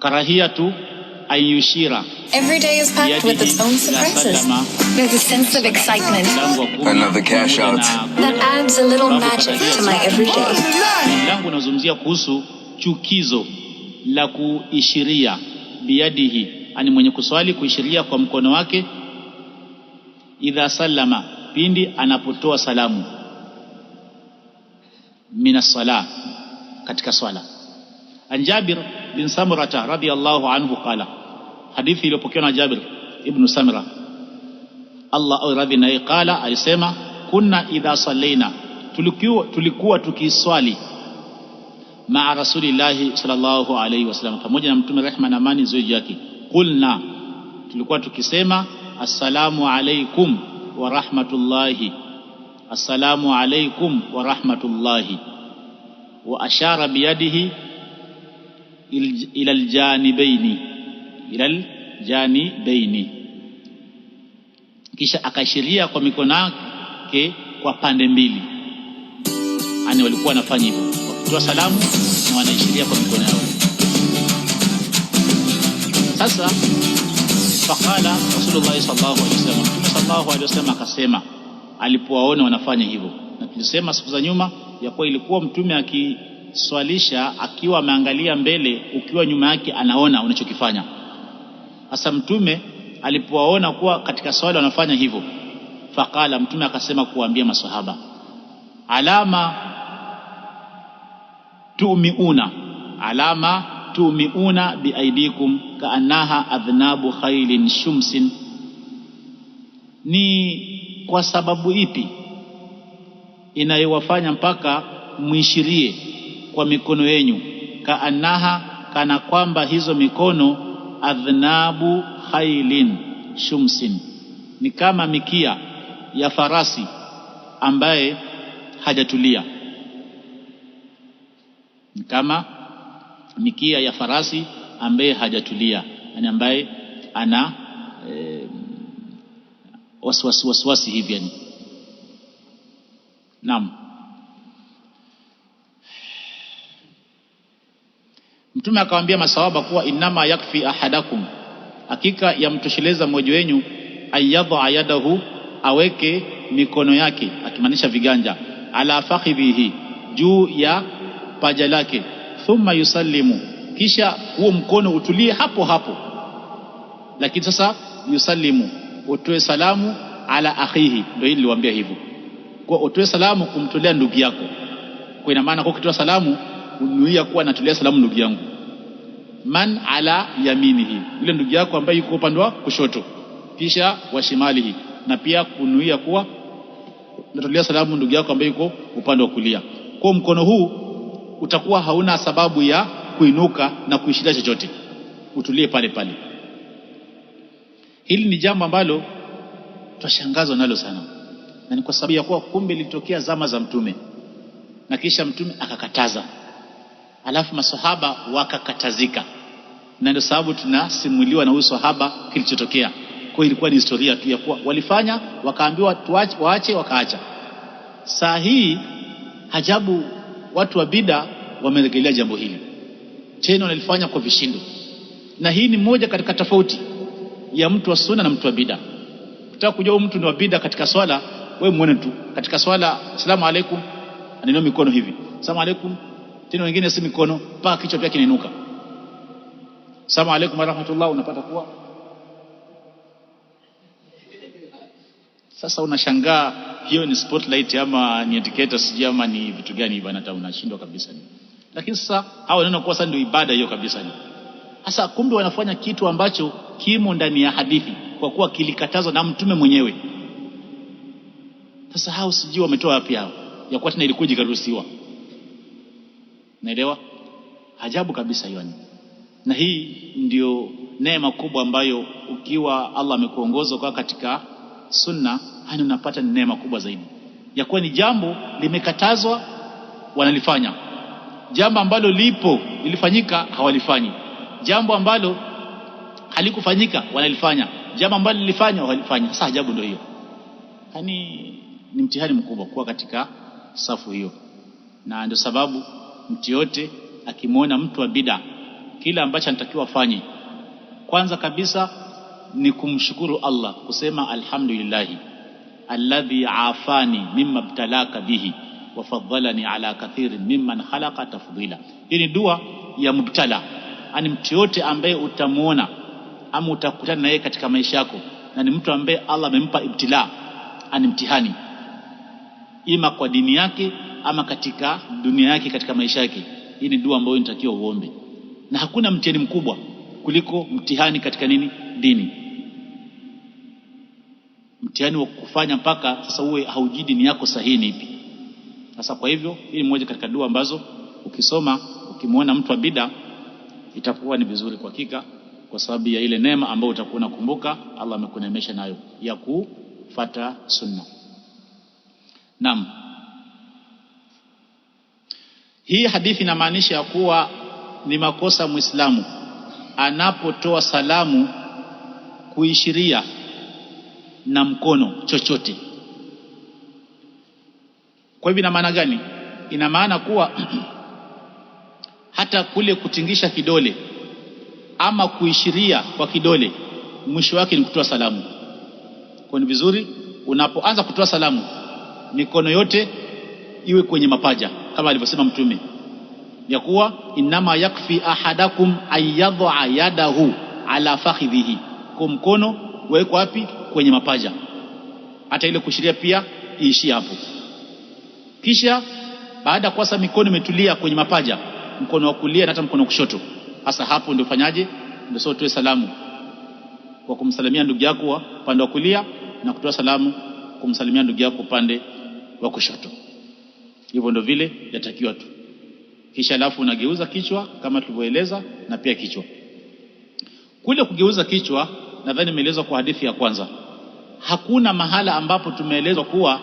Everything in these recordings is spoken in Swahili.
karahiyatu ayushira Every day is packed with its own surprises. There's a sense of excitement. Another cash out. That adds a little magic to my everyday. Langu nazungumzia kuhusu chukizo la kuishiria biyadihi, ani mwenye kuswali kuishiria kwa mkono wake, idha salama, pindi anapotoa salamu, min as katika swala. An bin Samurata radhiyallahu anhu qala, hadithi iliyopokewa na Jabir ibn Samira, Allah awe radhi naye, qala, alisema kunna idha sallaina, tulikuwa, tulikuwa tukiswali maa rasulillahi sallallahu alaihi wasallam, pamoja na mtume rehma na amani zoji yake. Qulna, tulikuwa tukisema assalamu alaikum wa rahmatullahi, assalamu alaikum wa rahmatullahi, wa ashara biyadihi ila aljanibaini, ila aljanibaini. Kisha akaishiria kwa mikono yake kwa pande mbili, yani walikuwa wanafanya hivyo wakitoa salamu na wanaishiria kwa mikono yao. Sasa faqala Rasulullah sallallahu alaihi wasallam, Mtume sallallahu alaihi wasallam akasema alipowaona wanafanya hivyo, na tulisema siku za nyuma ya kuwa ilikuwa mtume aki swalisha akiwa ameangalia mbele, ukiwa nyuma yake anaona unachokifanya. Sasa Mtume alipowaona kuwa katika swali wanafanya hivyo, faqala, Mtume akasema kuwaambia maswahaba, alama tumiuna, alama tumiuna biaidikum kaannaha adhnabu khailin shumsin, ni kwa sababu ipi inayowafanya mpaka muishirie kwa mikono yenu, kaannaha, kana kwamba hizo mikono, adhnabu khailin shumsin, ni kama mikia ya farasi ambaye hajatulia, ni kama mikia ya farasi ambaye hajatulia, yani ambaye ana eh, wasiwasi hivi yani, naam. Mtume akawaambia masahaba kuwa innama yakfi ahadakum, hakika yamtosheleza mmoja wenyu ayadha yadahu, aweke mikono yake, akimaanisha viganja, ala fakhidhihi, juu ya paja lake, thumma yusallimu, kisha huo mkono utulie hapo hapo. Lakini sasa yusallimu, utoe salamu ala akhihi, ndio hili niliwaambia hivyo kwa utoe salamu kumtolea ndugu yako, kwa ina maana kwa kutoa salamu unuia kuwa natolea salamu ndugu yangu man ala yaminihi, yule ndugu yako ambaye yuko upande wa kushoto, kisha wa shimalihi, na pia kunuia kuwa natolea salamu ndugu yako ambaye yuko upande wa kulia. Kwa mkono huu utakuwa hauna sababu ya kuinuka na kuishinda chochote, utulie pale pale. Hili ni jambo ambalo twashangazwa nalo sana, na ni kwa sababu ya kuwa kumbe lilitokea zama za Mtume na kisha Mtume akakataza alafu masahaba wakakatazika, na ndio sababu tunasimuliwa na huyu sahaba kilichotokea. Kwa hiyo ilikuwa ni historia tu ya kuwa walifanya, wakaambiwa waache, wakaacha. Saa hii hajabu watu wa bida wameregelea jambo hili tena, wanalifanya kwa vishindo, na hii ni moja katika tofauti ya mtu wa sunna na mtu wa bida. Ukitaka kujua huyu mtu ni wa bida katika swala, wewe muone tu katika swala, asalamu alaikum, anainua mikono hivi, asalamu alaikum tena wengine si mikono mpaka kichwa pia kinainuka. Salamu alaikum warahmatullah, unapata kuwa sasa unashangaa hiyo ni spotlight ama ni indicator sijui ama ni vitu gani bwana, hata unashindwa kabisa ni. Lakini sasa hao wanaona kuwa sasa ndio ibada hiyo kabisa ni. Sasa kumbe wanafanya kitu ambacho kimo ndani ya hadithi, kwa kuwa kilikatazwa na mtume mwenyewe. Sasa hao sijui wametoa wapi hao ya kuwa tena ilikuwa ikaruhusiwa. Naelewa ajabu kabisa hiyo, na hii ndio neema kubwa ambayo ukiwa Allah amekuongoza kwa katika sunna, hani unapata ni neema kubwa zaidi ya kuwa ni jambo limekatazwa wanalifanya, jambo ambalo lipo lilifanyika hawalifanyi, jambo ambalo halikufanyika wanalifanya, jambo ambalo lilifanywa hawalifanyi. Sasa ajabu ndio hiyo, yani ni mtihani mkubwa kuwa katika safu hiyo, na ndio sababu mtu yote akimwona mtu wa bida, kila ambacho anatakiwa afanye kwanza kabisa ni kumshukuru Allah, kusema alhamdulillahi alladhi afani mimma btalaka bihi wa faddalani ala kathirin mimman khalaqa tafdila. Hii ni dua ya mubtala, ani mtu yote ambaye utamwona ama utakutana naye katika maisha yako, na ni mtu ambaye Allah amempa ibtila, ani mtihani, ima kwa dini yake ama katika dunia yake, katika maisha yake. Hii ni dua ambayo inatakiwa uombe, na hakuna mtihani mkubwa kuliko mtihani katika nini? Dini. Mtihani wa kufanya mpaka sasa uwe haujui dini yako sahihi ni ipi. Sasa kwa hivyo, hii ni moja katika dua ambazo ukisoma, ukimwona mtu wa bida, itakuwa ni vizuri kwa hakika, kwa sababu ya ile neema ambayo utakuwa unakumbuka Allah amekuneemesha nayo ya kufata sunna. Naam. Hii hadithi inamaanisha ya kuwa ni makosa Muislamu anapotoa salamu kuishiria na mkono chochote. Kwa hivyo ina maana gani? Ina maana kuwa hata kule kutingisha kidole ama kuishiria kwa kidole mwisho wake ni kutoa salamu. Kwa ni vizuri unapoanza kutoa salamu mikono yote iwe kwenye mapaja kama alivyosema Mtume ya kuwa inama yakfi ahadakum ayadha yadahu ala fakhidhihi, kwa mkono weko wapi? Kwenye mapaja. Hata ile kushiria pia iishie hapo. Kisha baada ya kuasa mikono imetulia kwenye mapaja, mkono wa kulia na hata mkono wa kushoto, hasa hapo ndio fanyaje, ndio sio tuwe salamu kwa kumsalimia ndugu yako upande wa kulia na kutoa salamu kumsalimia ndugu yako upande wa kushoto. Hivyo ndo vile yatakiwa tu, kisha alafu unageuza kichwa kama tulivyoeleza, na pia kichwa kule kugeuza kichwa, nadhani nimeelezwa kwa hadithi ya kwanza. Hakuna mahala ambapo tumeelezwa kuwa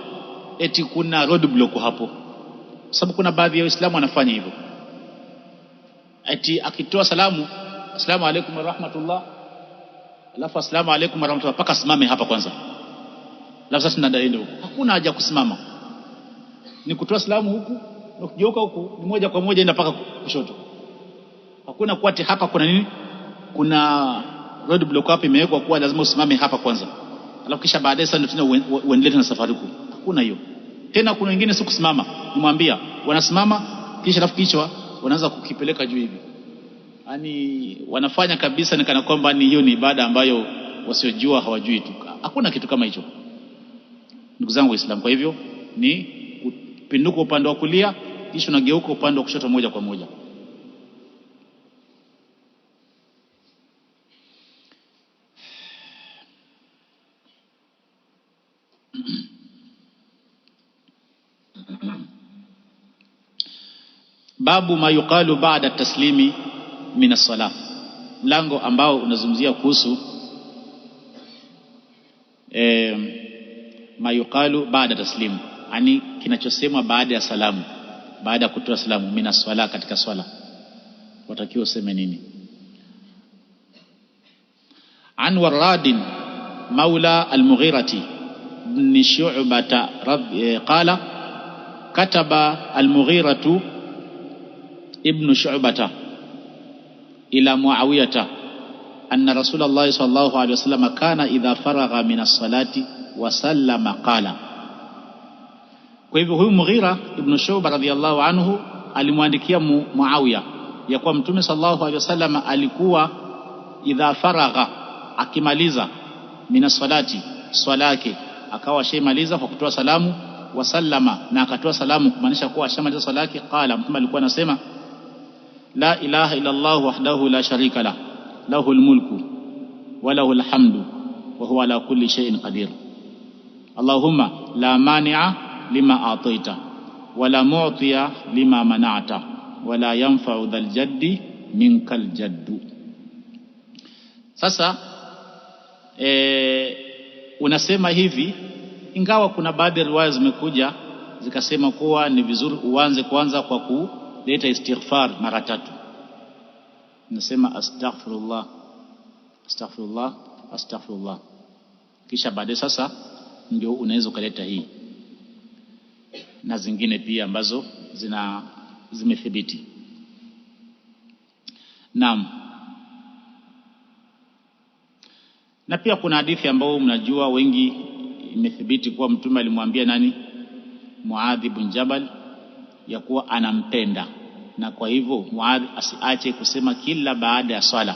eti kuna road block hapo, kwa sababu kuna baadhi ya Waislamu wanafanya hivyo, eti akitoa salamu, assalamu alaikum warahmatullah, alafu asalamu alaikum warahmatullah, mpaka simame hapa kwanza, alafu sasa nadaende huko. Hakuna haja ya kusimama ni kutoa salamu huku na kugeuka huku, ni moja kwa moja enda mpaka kushoto. Hakuna kuati hapa kuna nini, kuna road block hapa imewekwa kuwa lazima usimame hapa kwanza, alafu kisha baadaye sasa ndio uendelee na safari huku. Hakuna hiyo tena. Kuna wengine si kusimama, nimwambia wanasimama kisha alafu kichwa wanaanza kukipeleka juu hivi, yani wanafanya kabisa ni kana kwamba ni hiyo ni ibada ambayo wasiojua hawajui tu. Hakuna kitu kama hicho, ndugu zangu Waislamu. Kwa hivyo ni pinduka upande wa kulia, kisha unageuka upande wa kushoto moja kwa moja. Babu ma yuqalu baada taslimi min as mlango ambao unazungumzia kuhusu e, ma yuqalu baada taslimi yani kinachosemwa baada ya salamu, baada ya kutoa salamu mina swala, katika swala watakiwa useme nini? An Warradin maula Almughirati bni Shubata eh, qala kataba Almughiratu ibn Shubata ila Muawiyata anna Rasulullahi sallallahu alaihi wasallam kana idha faragha min as-salati wa sallama qala Kwa hivyo huyu Mughira ibn Shuba radhiallahu anhu alimwandikia Muawiya ya kuwa Mtume sallallahu alaihi wasallam alikuwa idha faragha, akimaliza mina salati swala yake akawa ashaimaliza kwa kutoa salamu, wasallama na akatoa salamu, kumaanisha kuwa ashamaliza swala yake. Qala, Mtume alikuwa anasema la ilaha illa Allah wahdahu la sharika lah lahul lmulku wa lahul hamdu wa huwa ala kulli shay'in qadir allahumma la mani'a lima ataita wala mu'tiya lima mana'ta wala yanfa'u dhal jaddi minka jaddu. Sasa e, unasema hivi, ingawa kuna baadhi ya riwaya zimekuja zikasema kuwa ni vizuri uanze kwanza kwa kuleta istighfar mara tatu. Unasema astaghfirullah, astaghfirullah, astaghfirullah, kisha baadaye sasa ndio unaweza ukaleta hii na zingine pia ambazo zina zimethibiti. Naam. Na pia kuna hadithi ambayo mnajua wengi imethibiti kuwa Mtume alimwambia nani, Muadh ibn Jabal, ya kuwa anampenda na kwa hivyo Muadh asiache kusema kila baada ya swala,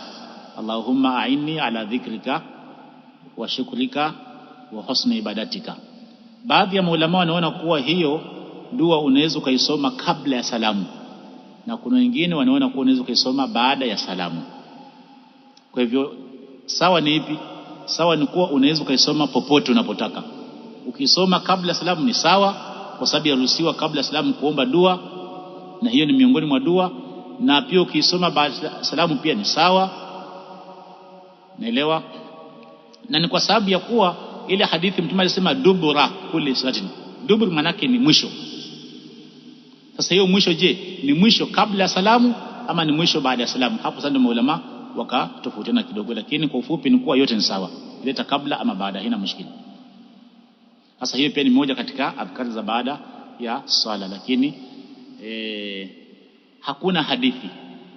Allahumma aini ala dhikrika wa shukrika wa husni ibadatika. Baadhi ya maulama wanaona kuwa hiyo dua unaweza ukaisoma kabla ya salamu, na kuna wengine wanaona kuwa unaweza ukaisoma baada ya salamu. Kwa hivyo sawa ni ipi? Sawa ni kuwa unaweza ukaisoma popote unapotaka. Ukisoma kabla ya salamu ni sawa, kwa sababu yaruhusiwa kabla ya salamu kuomba dua, na hiyo ni miongoni mwa dua. Na pia ukiisoma baada ya salamu pia ni sawa, naelewa. Na ni kwa sababu ya kuwa ile hadithi Mtume alisema dubura kulli salatin, dubur maanake ni mwisho sasa hiyo mwisho, je, ni mwisho kabla ya salamu ama ni mwisho baada ya salamu? Hapo sasa ndio maulama wakatofautiana kidogo, lakini kwa ufupi ni kuwa yote ni sawa, ileta kabla ama baada, haina mushkili. Sasa hiyo pia ni moja katika adhkari za baada ya swala, lakini e, hakuna hadithi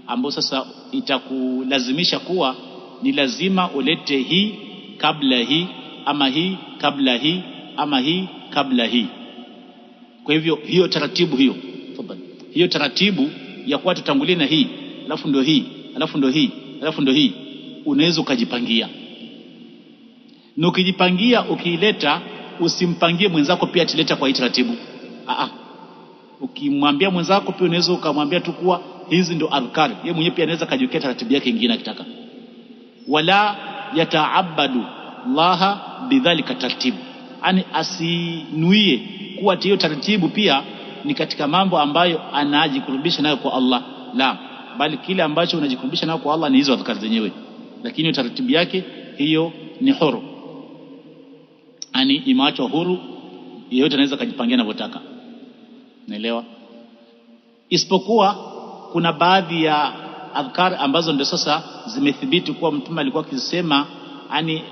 ambayo sasa itakulazimisha kuwa ni lazima ulete hii kabla hii ama hii kabla hii ama hii kabla hii. Kwa hivyo hiyo taratibu hiyo hiyo taratibu ya kuwa tutangulie na hii alafu ndo hii alafu ndio hii alafu ndo hii, unaweza ukajipangia, na ukijipangia, ukiileta, usimpangie mwenzako pia atileta kwa hii taratibu. Aa, ukimwambia mwenzako pia unaweza ukamwambia tu kuwa hizi ndo adhkari, yeye mwenyewe pia anaweza kajiwekea taratibu yake nyingine akitaka. Wala yataabadu llaha bidhalika tartibu, yani asinuie kuwa hiyo taratibu pia ni katika mambo ambayo anajikurubisha nayo kwa Allah, la bali kile ambacho unajikurubisha nayo kwa Allah ni hizo adhkari zenyewe, lakini utaratibu yake hiyo ni huru, yani imeachwa huru, yeyote anaweza akajipangia anavyotaka, naelewa. Isipokuwa kuna baadhi ya adhkari ambazo ndio sasa zimethibiti kuwa Mtume alikuwa akisema yani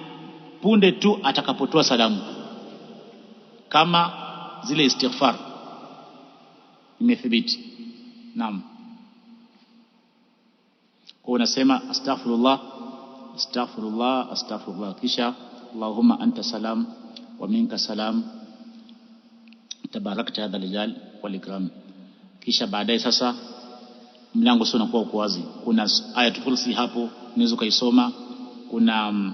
punde tu atakapotoa salamu, kama zile istighfar imethibiti. Naam, kwa unasema astaghfirullah, astaghfirullah, astaghfirullah, kisha allahumma anta salam wa minka salam tabarakta hadha lijal wal ikram. Kisha baadaye sasa mlango sio unakuwa uko wazi, kuna aya kursi hapo unaweza ukaisoma, kuna um,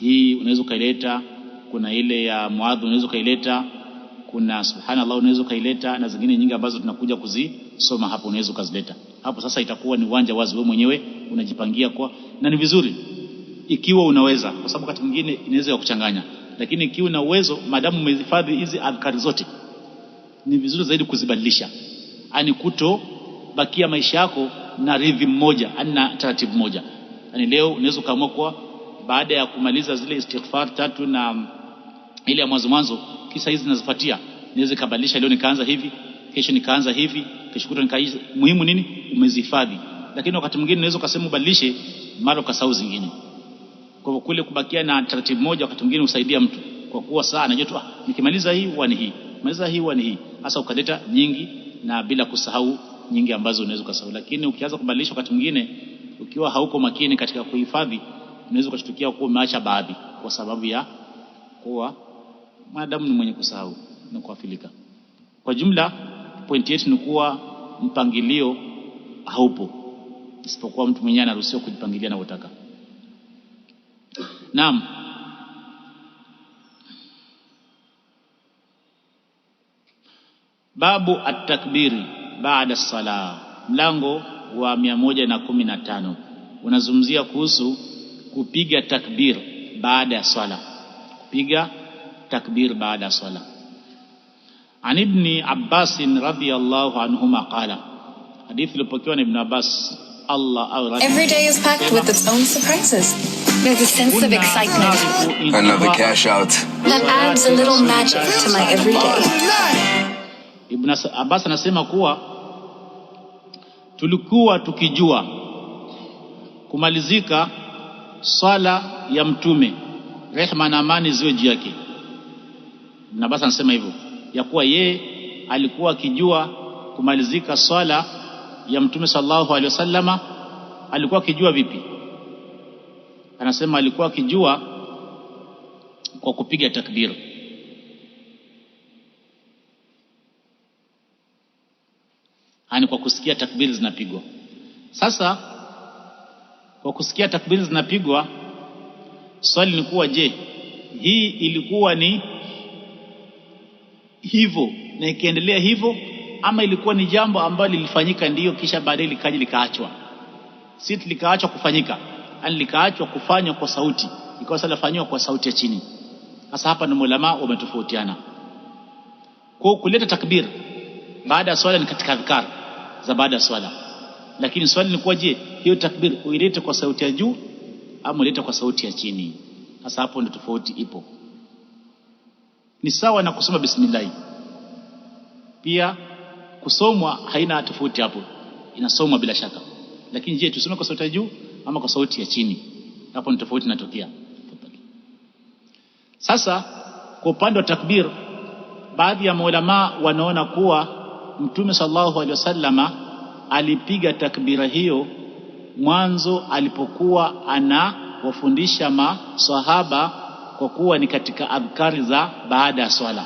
hii unaweza ukaileta, kuna ile ya muadhu unaweza ukaileta kuna subhanallah, unaweza ukaileta na zingine nyingi ambazo tunakuja kuzisoma hapo, unaweza ukazileta hapo. Sasa itakuwa ni uwanja wazi, wewe mwenyewe unajipangia kwa, na ni vizuri ikiwa unaweza, kwa sababu wakati mwingine inaweza kuchanganya, lakini ikiwa una uwezo, madamu umehifadhi hizi adhkari zote, ni vizuri zaidi kuzibadilisha, ani kuto bakia maisha yako na rhythm moja yaani na taratibu moja. Yani leo unaweza ukaamua kwa baada ya kumaliza zile istighfar tatu na ile ya mwanzo mwanzo kisa hizi zinazofuatia niweze kabadilisha, leo nikaanza hivi, kesho nikaanza hivi, kesho kuta nikaanza. Muhimu nini? Umezihifadhi. Lakini wakati mwingine unaweza ukasema ubadilishe, mara ukasahau zingine. Kwa hivyo kule kubakia na taratibu moja, wakati mwingine usaidia mtu kwa kuwa saa anajua tu, ah, nikimaliza hii huwa ni hii, maliza hii huwa ni hii, hasa ukaleta nyingi na bila kusahau nyingi ambazo unaweza ukasahau. Lakini ukianza kubadilisha, wakati mwingine ukiwa hauko makini katika kuhifadhi, unaweza ukashtukia kuwa umeacha baadhi kwa sababu ya kuwa mwanadamu ni mwenye kusahau na kuafilika. Kwa jumla, pointi yetu ni kuwa mpangilio haupo, isipokuwa mtu mwenyewe anaruhusiwa kujipangilia anavyotaka. Naam. Babu atakbiri baada sala, mlango wa mia moja na kumi na tano unazungumzia kuhusu kupiga takbir baada ya swala, kupiga takbir baada sala. An ibni Abbasin radhiyallahu anhuma qala, hadithi ilipokewa na Ibn Abbas Allah au radhi. Every day is packed with its own surprises. There's a sense of excitement. Another cash out. That adds a little magic to my everyday. Ibn Abbas anasema kuwa tulikuwa tukijua kumalizika swala ya Mtume, rehma na amani ziwe juu yake na basi anasema hivyo ya kuwa yeye alikuwa akijua kumalizika swala ya Mtume sallallahu alaihi wasallama. Alikuwa akijua vipi? Anasema alikuwa akijua kwa kupiga takbir, ani kwa kusikia takbiri zinapigwa. Sasa kwa kusikia takbiri zinapigwa, swali ni kuwa je, hii ilikuwa ni hivyo na ikiendelea hivyo, ama ilikuwa ni jambo ambalo lilifanyika ndiyo, kisha baadaye likaja likaachwa, si likaachwa kufanyika, yani likaachwa kufanywa kwa sauti, ikawa sala fanywa kwa sauti ya chini. Sasa hapa ni maulamaa wametofautiana kwa kuleta takbir baada ya swala ni katika adhkar za baada ya swala, lakini swali ni kuwa, je, hiyo takbir uilete kwa sauti ya juu ama uilete kwa sauti ya chini? Sasa hapo ndio tofauti ipo ni sawa na kusoma bismillahi. Pia kusomwa haina tofauti hapo, inasomwa bila shaka. Lakini je, tusome kwa sauti ya juu ama kwa sauti ya chini? Hapo ni tofauti inatokea. Sasa kwa upande wa takbir, baadhi ya maulamaa wanaona kuwa Mtume sallallahu alaihi wasallama alipiga takbira hiyo mwanzo alipokuwa anawafundisha masahaba kwa kuwa ni katika adhkari za baada ya swala,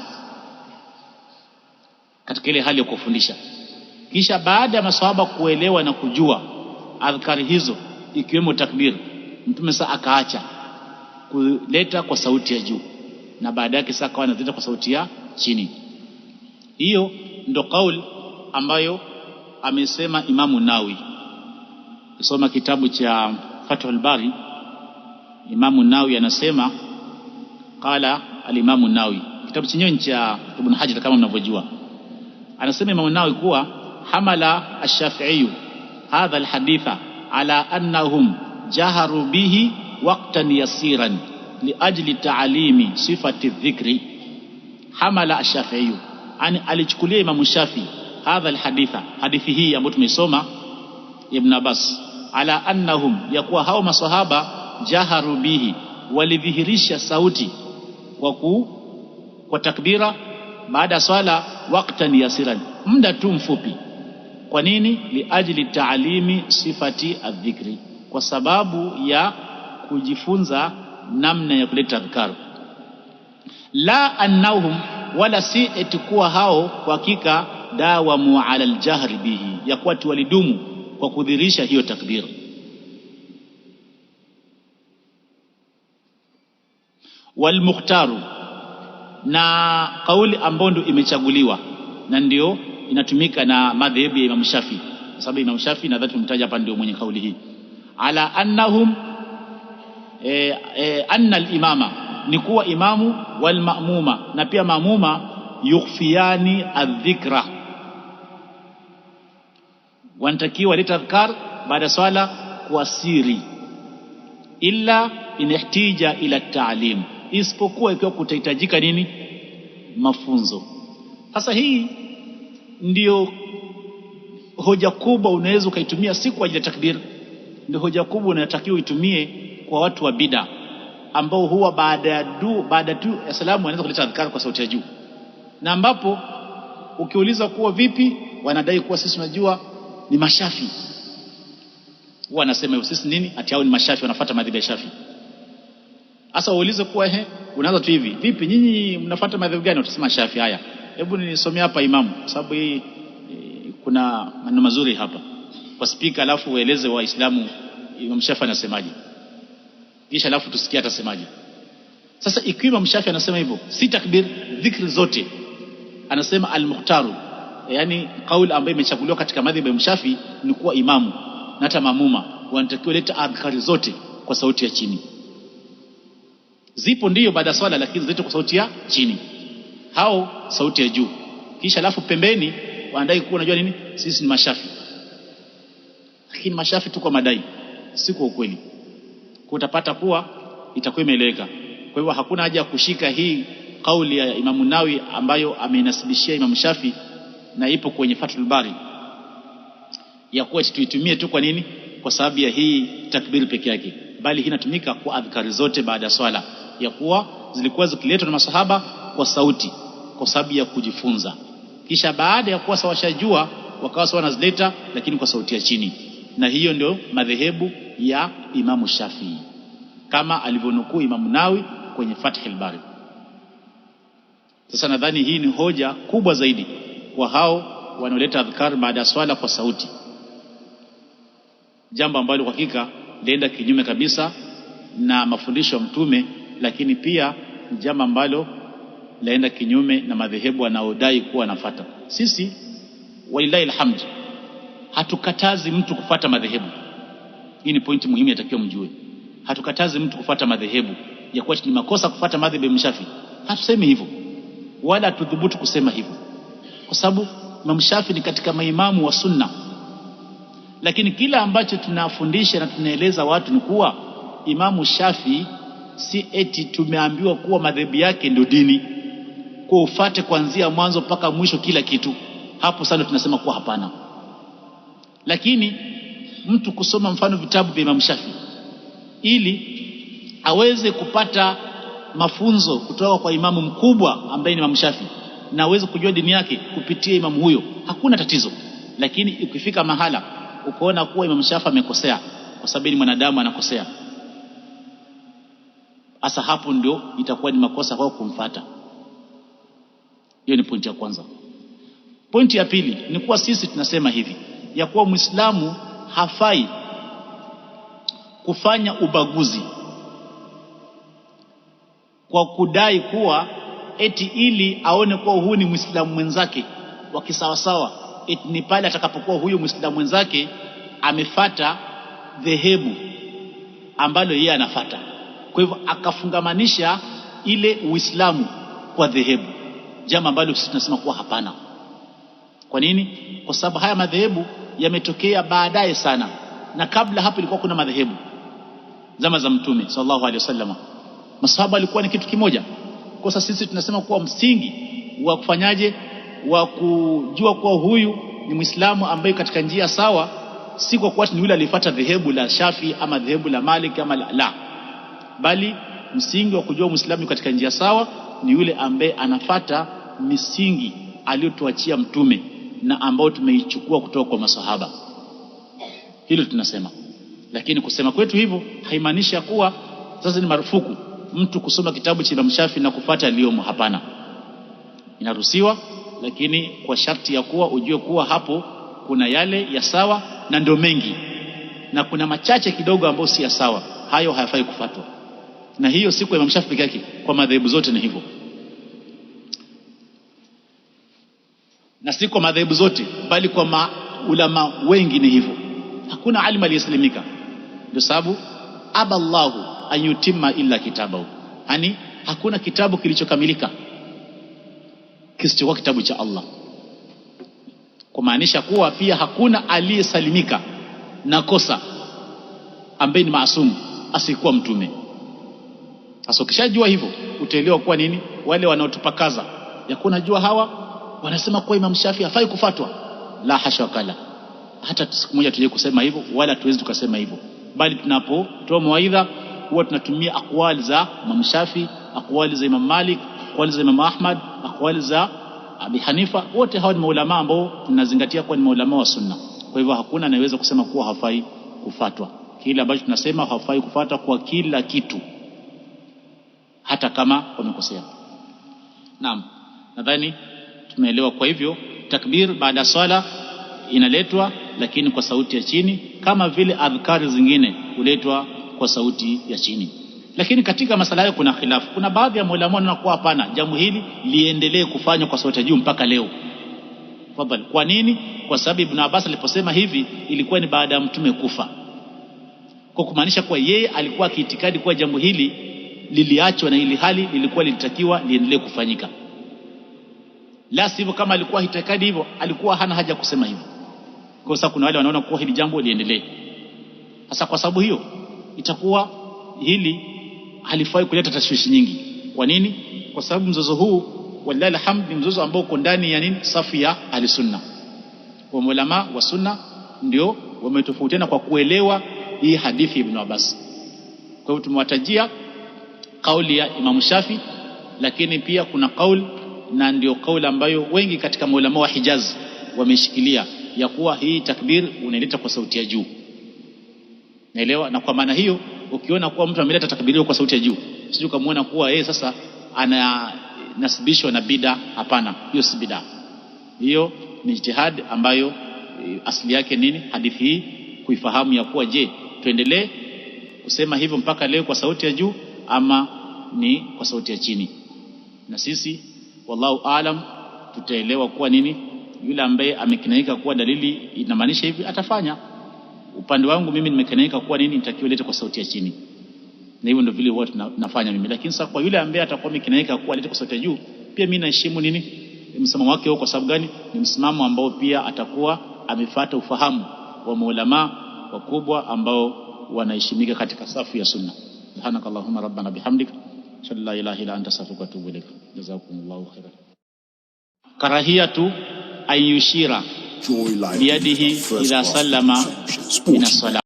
katika ile hali ya kufundisha. Kisha baada ya maswahaba kuelewa na kujua adhkari hizo ikiwemo takbir, Mtume saa akaacha kuleta kwa sauti ya juu na baada yake saa akawa anazileta kwa sauti ya chini. Hiyo ndo kauli ambayo amesema Imamu Nawi. kusoma kitabu cha Fathul Bari, Imamu Nawi anasema Qala alimamu nawi kitabu chenyewe cha Ibn Hajar kama mnavyojua, anasema Imamu nawi kuwa hamala ash-Shafi'i hadha alhaditha ala annahum jaharu bihi waqtan yasiran liajli taalimi sifati dhikri. Hamala ash-Shafi'i, yani alichukulia Imamu Shafi hadha alhaditha, hadithi hii ambayo tumeisoma Ibn Abbas, ala annahum, ya kuwa hao masahaba jaharu bihi, walidhihirisha sauti kwa ku kwa takbira baada ya swala waktan yasiran, muda tu mfupi. Kwa nini? Liajli taalimi sifati adhikri, kwa sababu ya kujifunza namna ya kuleta adhkaru. La annahum, wala si etikuwa hao kwa hakika dawamu ala aljahri bihi, ya kuwa tu walidumu kwa kudhirisha hiyo takbira walmukhtaru, na kauli ambayo ndio imechaguliwa na ndio inatumika na madhehebu ya Imam Shafi, kwa sababu Imam Shafi nadhani tumtaja hapa ndio mwenye kauli hii ala annahum e, e, anna alimama ni kuwa imamu walmamuma na pia mamuma yukhfiyani adhikra, wanatakiwa leta adhkar baada ya swala kwa siri, illa in ihtija ila taalim isipokuwa ikiwa kutahitajika nini? Mafunzo. Sasa hii ndio hoja kubwa unaweza ukaitumia, si kwa ajili ya takbir, ndio hoja kubwa unayotakiwa uitumie kwa watu wa bida ambao huwa baada ya du baada tu ya salamu wanaweza kuleta adhkar kwa sauti ya juu, na ambapo ukiuliza kuwa vipi, wanadai kuwa sisi tunajua ni mashafi. Huwa wanasema hivyo, sisi nini, ati hao ni mashafi, wanafuata madhhabi ya Shafi. Sasa uulize kuwa ehe, unaanza tu hivi, vipi nyinyi mnafuata madhehebu gani? Utasema Shafi. Haya, hebu nisomee hapa Imamu, kwa sababu hii e, kuna maneno mazuri hapa kwa spika, alafu ueleze Waislamu Imam Shafi anasemaje, kisha alafu tusikie atasemaje. Sasa ikiwa Imam Shafi anasema hivyo, si takbir, dhikri zote anasema al-mukhtaru, yani kauli ambayo imechaguliwa katika madhhabu ya Shafi ni kuwa imamu na hata mamuma wanatakiwa leta adhkari zote kwa sauti ya chini zipo ndiyo baada ya swala, lakini zinaitwa kwa sauti ya chini au sauti ya juu. Kisha alafu pembeni wanadai kuwa unajua nini, sisi ni mashafi, lakini mashafi tu kwa madai, si kwa ukweli. Kwa utapata kuwa itakuwa imeeleweka. Kwa hivyo hakuna haja ya kushika hii kauli ya Imamu Nawawi ambayo ameinasibishia Imamu Shafi na ipo kwenye Fathul Bari ya kuwa tuitumie tu kwa nini, kwa sababu ya hii takbiri peke yake, bali hii inatumika kwa adhkari zote baada ya swala ya kuwa zilikuwa zikiletwa na masahaba kwa sauti, kwa sababu ya kujifunza. Kisha baada ya kuwa sawashajua wakawa sawa wanazileta, lakini kwa sauti ya chini, na hiyo ndio madhehebu ya Imamu Shafii kama alivyonukuu Imamu Nawi kwenye Fathul Bari. Sasa nadhani hii ni hoja kubwa zaidi kwa hao wanaoleta adhkar baada ya swala kwa sauti, jambo ambalo kwa hakika kinyume kabisa na mafundisho ya Mtume lakini pia ni jambo ambalo laenda kinyume na madhehebu anaodai kuwa anafata. Sisi walilahi alhamd, hatukatazi mtu kufata madhehebu. Hii ni pointi muhimu, yatakiwa mjue, hatukatazi mtu kufata madhehebu ya kuwa ni makosa kufata madhehebu ya Mshafi. Hatusemi hivyo wala hatudhubutu kusema hivyo, kwa sababu Imam Shafi ni katika maimamu wa Sunna, lakini kila ambacho tunafundisha na tunaeleza watu ni kuwa Imamu Shafi si eti tumeambiwa kuwa madhehebu yake ndio dini, kwa ufate kuanzia mwanzo mpaka mwisho kila kitu. Hapo sana tunasema kuwa hapana. Lakini mtu kusoma mfano vitabu vya Imam Shafi ili aweze kupata mafunzo kutoka kwa imamu mkubwa ambaye ni Imam Shafi na aweze kujua dini yake kupitia imamu huyo, hakuna tatizo. Lakini ukifika mahala ukaona kuwa Imam Shafi amekosea, kwa sababu ni mwanadamu anakosea Hasa hapo ndio itakuwa ni makosa kwao kumfata. Hiyo ni pointi ya kwanza. Pointi ya pili ni kuwa sisi tunasema hivi ya kuwa Mwislamu hafai kufanya ubaguzi kwa kudai kuwa eti ili aone kuwa huu ni Mwislamu mwenzake wa kisawasawa, eti ni pale atakapokuwa huyu Mwislamu mwenzake amefata dhehebu ambalo yeye anafata. Kwa hivyo akafungamanisha ile Uislamu kwa dhehebu, jambo ambalo sisi tunasema kuwa hapana. Kwa nini? Kwa sababu haya madhehebu yametokea baadaye sana, na kabla hapo ilikuwa kuna madhehebu zama za Mtume sallallahu alaihi wasallam, masahaba alikuwa ni kitu kimoja. Kwa sasa sisi tunasema kuwa msingi wa kufanyaje, wa kujua kuwa huyu ni Mwislamu ambaye katika njia sawa, si kwa kuwa ni yule alifuata dhehebu la Shafi ama dhehebu la Malik ama la, la bali msingi wa kujua Muislamu katika njia sawa ni yule ambaye anafata misingi aliyotuachia Mtume na ambayo tumeichukua kutoka kwa masahaba. Hilo tunasema, lakini kusema kwetu hivyo haimaanishi ya kuwa sasa ni marufuku mtu kusoma kitabu cha mshafi Shafi na kufata aliyomo. Hapana, inaruhusiwa, lakini kwa sharti ya kuwa ujue kuwa hapo kuna yale ya sawa na ndio mengi, na kuna machache kidogo ambayo si ya sawa. Hayo hayafai kufatwa na hiyo siku ya Imam Shafi peke yake, kwa madhehebu zote ni hivyo, na si kwa madhehebu zote, bali kwa maulama wengi ni hivyo. Hakuna alim aliyeslimika. Ndio sababu aba llahu an yutimma illa kitabahu, yani hakuna kitabu kilichokamilika kisichokuwa kitabu cha Allah, kumaanisha kuwa pia hakuna aliyesalimika na kosa ambaye ni maasumu asikuwa mtume. Sasa ukishajua hivyo utaelewa kuwa nini, wale wanaotupakaza yakuwa najua hawa wanasema kuwa Imam Shafi hafai kufatwa, la hasha wakala. Hata siku moja tuje kusema hivyo, wala tuwezi tukasema hivyo, bali tunapotoa mawaidha huwa tunatumia akwali za Imam Shafi, akwali za Imam Malik, akwali za Imam Ahmad, akwali za Abi Hanifa. Wote hawa ni maulamaa ambao tunazingatia kuwa ni maulamaa wa Sunna. Kwa hivyo hakuna anayeweza kusema kuwa hafai kufatwa. Kile ambacho tunasema hafai kufatwa kwa kila kitu hata kama wamekosea. Naam, nadhani tumeelewa. Kwa hivyo takbir baada ya swala inaletwa lakini kwa sauti ya chini, kama vile adhkari zingine huletwa kwa sauti ya chini. Lakini katika masala hayo kuna khilafu. Kuna baadhi ya maulama wanakuwa hapana, jambo hili liendelee kufanywa kwa sauti ya juu mpaka leo. Fadhali, kwa nini? Kwa sababu Ibn Abbas aliposema hivi ilikuwa ni baada ya mtume kufa, kwa kumaanisha kuwa yeye alikuwa akiitikadi kuwa jambo hili liliachwa na ili hali lilikuwa lilitakiwa liendelee kufanyika, la sivyo, kama alikuwa hitakadi hivyo, alikuwa hana haja kusema hivyo. Kwa sababu kuna wale wanaona kuwa hili jambo liendelee. Sasa kwa sababu hiyo itakuwa hili halifai kuleta tashwishi nyingi. Kwa nini? Kwa sababu mzozo huu wallahi alhamd ni mzozo ambao uko ndani ya nini, safu ya ahlisunna. Waulama wa sunna ndio wametofautiana kwa kuelewa hii hadithi ya Ibn Abbas. Kwa hiyo tumewatajia kauli ya Imamu Shafi, lakini pia kuna kauli na ndio kauli ambayo wengi katika maulama wa Hijaz wameshikilia ya kuwa hii takbir unaileta kwa sauti ya juu, naelewa. Na kwa maana hiyo ukiona kuwa mtu ameleta takbir kwa sauti ya juu, sijui ukamwona kuwa yeye sasa ananasibishwa na bida. Hapana, hiyo si bida, hiyo ni ijtihad ambayo eh, asili yake nini? Hadithi hii kuifahamu ya kuwa, je, tuendelee kusema hivyo mpaka leo kwa sauti ya juu ama ni kwa sauti ya chini. Na sisi wallahu alam, tutaelewa kuwa nini yule ambaye amekinaika kuwa dalili inamaanisha hivi atafanya. Upande wangu mimi nimekinaika kuwa nini nitakiwa lete kwa sauti ya chini, na hivyo ndio vile watu na, nafanya mimi. Lakini sasa kwa yule ambaye atakuwa amekinaika kuwa lete kwa sauti ya juu, pia mimi naheshimu nini msimamo wake huo. Kwa sababu gani? Ni msimamo ambao pia atakuwa amefata ufahamu wa maulamaa wakubwa ambao wanaheshimika katika safu ya Sunna. سبحانك اللهم ربنا بحمدك أشهد لا إله إلا أنت أستغفرك وأتوب إليك جزاكم الله خيرا كراهية أن يشير بيده إذا سلم من الصلاة